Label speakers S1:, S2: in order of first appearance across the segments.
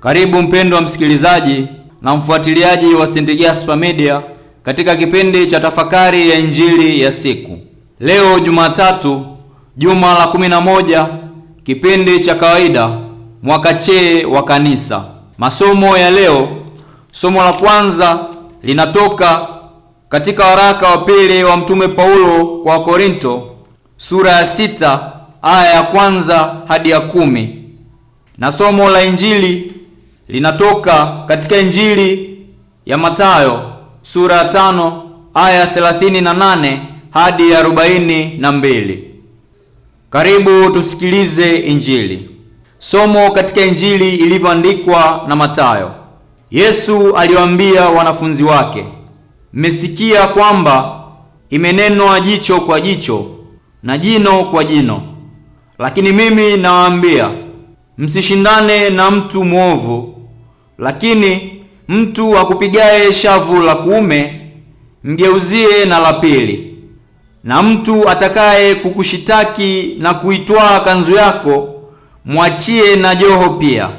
S1: Karibu mpendwa msikilizaji na mfuatiliaji wa St. Gaspar Media katika kipindi cha tafakari ya injili ya siku. Leo Jumatatu, juma la 11, kipindi cha kawaida, mwaka C wa kanisa. Masomo ya leo, somo la kwanza linatoka katika waraka wa pili wa Mtume Paulo kwa Wakorinto sura ya sita aya ya kwanza hadi ya kumi na somo la injili linatoka katika Injili ya Mathayo sura ya tano aya thelathini na nane hadi arobaini na mbili. Karibu tusikilize Injili. Somo katika Injili ilivyoandikwa na Mathayo. Yesu aliwaambia wanafunzi wake, mmesikia kwamba imenenwa jicho kwa jicho na jino kwa jino, lakini mimi nawaambia msishindane na mtu mwovu, lakini mtu akupigaye shavu la kuume mgeuzie na la pili, na mtu atakaye kukushitaki na kuitwaa kanzu yako mwachie na joho pia.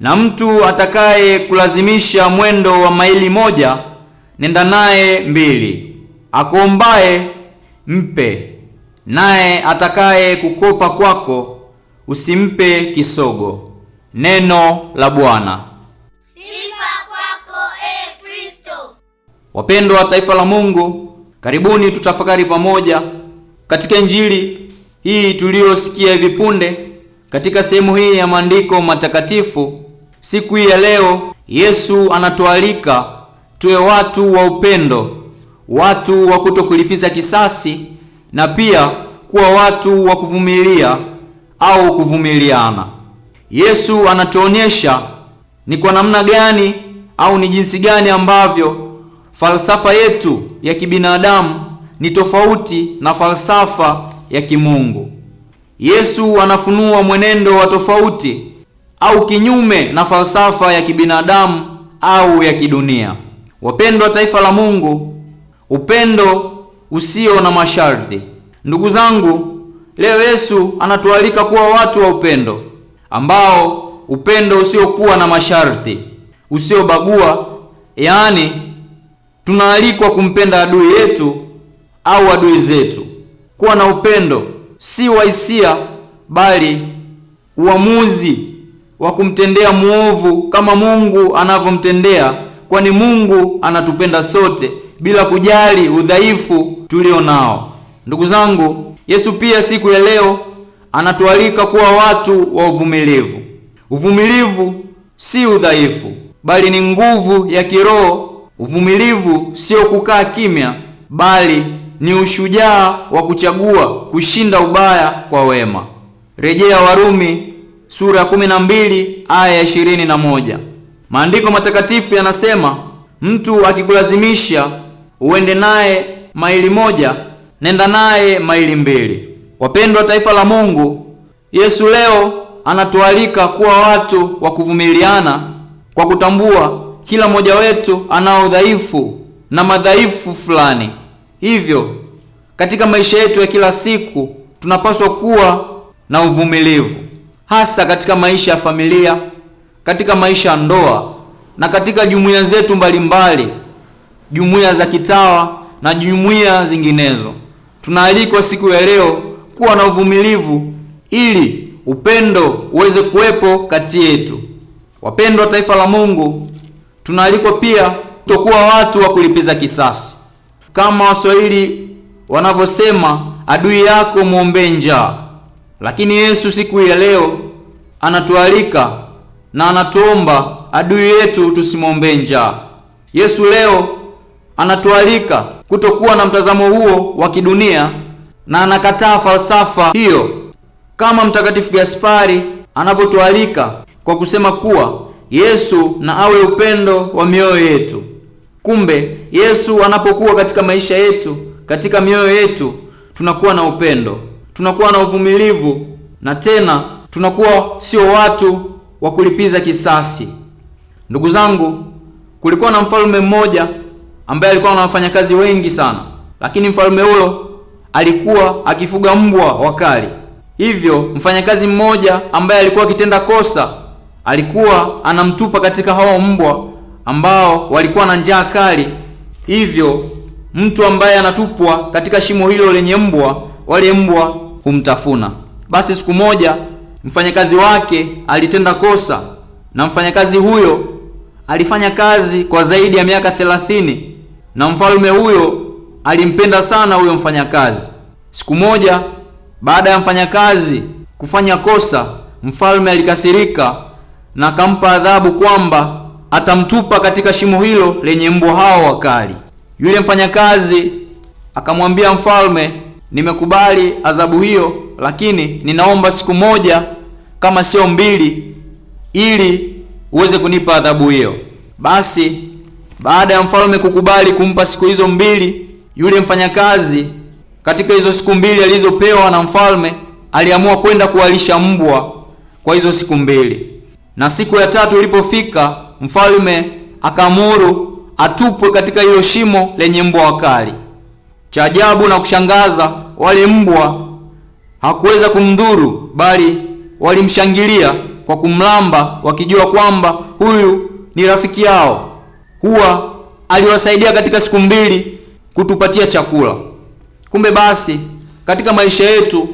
S1: Na mtu atakaye kulazimisha mwendo wa maili moja nenda naye mbili. Akoombaye mpe, naye atakaye kukopa kwako usimpe kisogo. Neno la Bwana. Wapendwa wa taifa la Mungu, karibuni tutafakari pamoja katika Injili hii tuliyosikia hivi punde. Katika sehemu hii ya maandiko matakatifu siku hii ya leo, Yesu anatualika tuwe watu wa upendo, watu wa kutokulipiza kisasi na pia kuwa watu wa kuvumilia au kuvumiliana. Yesu anatuonyesha ni kwa namna gani au ni jinsi gani ambavyo falsafa yetu ya kibinadamu ni tofauti na falsafa ya kimungu. Yesu anafunua mwenendo wa tofauti au kinyume na falsafa ya kibinadamu au ya kidunia. Wapendwa taifa la Mungu, upendo usio na masharti. Ndugu zangu, leo Yesu anatualika kuwa watu wa upendo ambao upendo usiokuwa na masharti, usiobagua, yaani Tunaalikwa kumpenda adui yetu au adui zetu, kuwa na upendo si wa hisia, bali uamuzi wa kumtendea mwovu kama Mungu anavyomtendea, kwani Mungu anatupenda sote bila kujali udhaifu tulio nao. Ndugu zangu, Yesu pia siku ya leo anatualika kuwa watu wa uvumilivu. Uvumilivu si udhaifu, bali ni nguvu ya kiroho Uvumilivu sio kukaa kimya, bali ni ushujaa wa kuchagua kushinda ubaya kwa wema. Rejea Warumi sura ya 12 aya ya 21. Maandiko matakatifu yanasema, mtu akikulazimisha uende naye maili moja, nenda naye maili mbili. Wapendwa taifa la Mungu, Yesu leo anatualika kuwa watu wa kuvumiliana kwa kutambua kila mmoja wetu ana udhaifu na madhaifu fulani. Hivyo katika maisha yetu ya kila siku tunapaswa kuwa na uvumilivu, hasa katika maisha ya familia, katika maisha ya ndoa na katika jumuiya zetu mbalimbali, jumuiya za kitawa na jumuiya zinginezo. Tunaalikwa siku ya leo kuwa na uvumilivu ili upendo uweze kuwepo kati yetu. Wapendwa taifa la Mungu, Tunaalikwa pia kutokuwa watu wa kulipiza kisasi, kama Waswahili wanavyosema, adui yako mwombee njaa. Lakini Yesu siku ya leo anatualika na anatuomba adui yetu tusimwombee njaa. Yesu leo anatualika kutokuwa na mtazamo huo wa kidunia na anakataa falsafa hiyo, kama Mtakatifu Gaspari anavyotualika kwa kusema kuwa Yesu na awe upendo wa mioyo yetu. Kumbe Yesu anapokuwa katika maisha yetu, katika mioyo yetu, tunakuwa na upendo, tunakuwa na uvumilivu, na tena tunakuwa sio watu wa kulipiza kisasi. Ndugu zangu, kulikuwa na mfalme mmoja ambaye alikuwa na wafanyakazi wengi sana, lakini mfalme huyo alikuwa akifuga mbwa wakali. Hivyo mfanyakazi mmoja ambaye alikuwa akitenda kosa alikuwa anamtupa katika hao mbwa ambao walikuwa na njaa kali. Hivyo mtu ambaye anatupwa katika shimo hilo lenye mbwa, wale mbwa humtafuna. Basi siku moja mfanyakazi wake alitenda kosa, na mfanyakazi huyo alifanya kazi kwa zaidi ya miaka thelathini, na mfalme huyo alimpenda sana huyo mfanyakazi. Siku moja baada ya mfanyakazi kufanya kosa, mfalme alikasirika na akampa adhabu kwamba atamtupa katika shimo hilo lenye mbwa hao wakali. Yule mfanyakazi akamwambia mfalme, nimekubali adhabu hiyo, lakini ninaomba siku moja kama sio mbili, ili uweze kunipa adhabu hiyo. Basi baada ya mfalme kukubali kumpa siku hizo mbili, yule mfanyakazi katika hizo siku mbili alizopewa na mfalme aliamua kwenda kuwalisha mbwa kwa hizo siku mbili. Na siku ya tatu ilipofika, mfalme akamuru atupwe katika hilo shimo lenye mbwa wakali. Cha ajabu na kushangaza, wale mbwa hakuweza kumdhuru, bali walimshangilia kwa kumlamba, wakijua kwamba huyu ni rafiki yao. Huwa aliwasaidia katika siku mbili kutupatia chakula. Kumbe basi katika maisha yetu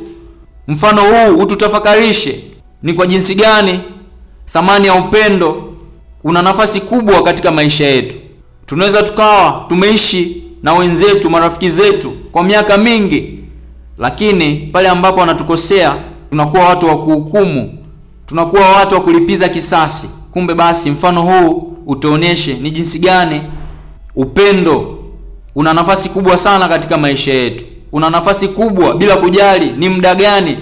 S1: mfano huu ututafakarishe ni kwa jinsi gani thamani ya upendo una nafasi kubwa katika maisha yetu. Tunaweza tukawa tumeishi na wenzetu, marafiki zetu kwa miaka mingi, lakini pale ambapo wanatukosea tunakuwa watu wa kuhukumu, tunakuwa watu wa kulipiza kisasi. Kumbe basi mfano huu utaonyeshe ni jinsi gani upendo una nafasi kubwa sana katika maisha yetu, una nafasi kubwa bila kujali ni muda gani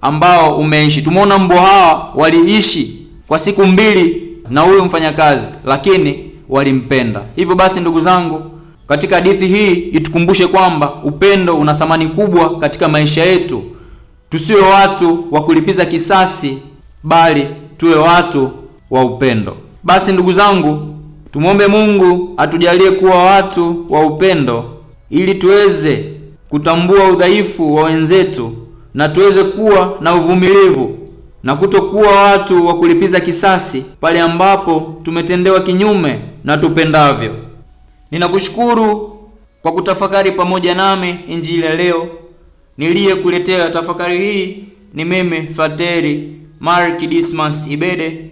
S1: ambao umeishi. Tumeona mbwa hawa waliishi kwa siku mbili na huyu mfanyakazi, lakini walimpenda. Hivyo basi, ndugu zangu, katika hadithi hii itukumbushe kwamba upendo una thamani kubwa katika maisha yetu. Tusiwe watu wa kulipiza kisasi, bali tuwe watu wa upendo. Basi ndugu zangu, tumwombe Mungu atujalie kuwa watu wa upendo, ili tuweze kutambua udhaifu wa wenzetu na tuweze kuwa na uvumilivu na kutokuwa watu wa kulipiza kisasi pale ambapo tumetendewa kinyume na tupendavyo. Ninakushukuru kwa kutafakari pamoja nami injili ya leo. Niliyekuletea tafakari hii ni mimi Frateri Mark Dismas Ibede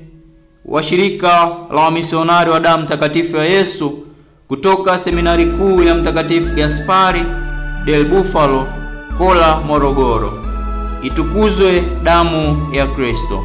S1: wa shirika la wamisionari wa damu mtakatifu ya Yesu kutoka seminari kuu ya Mtakatifu Gaspari del Bufalo, Kola, Morogoro. Itukuzwe damu ya Kristo!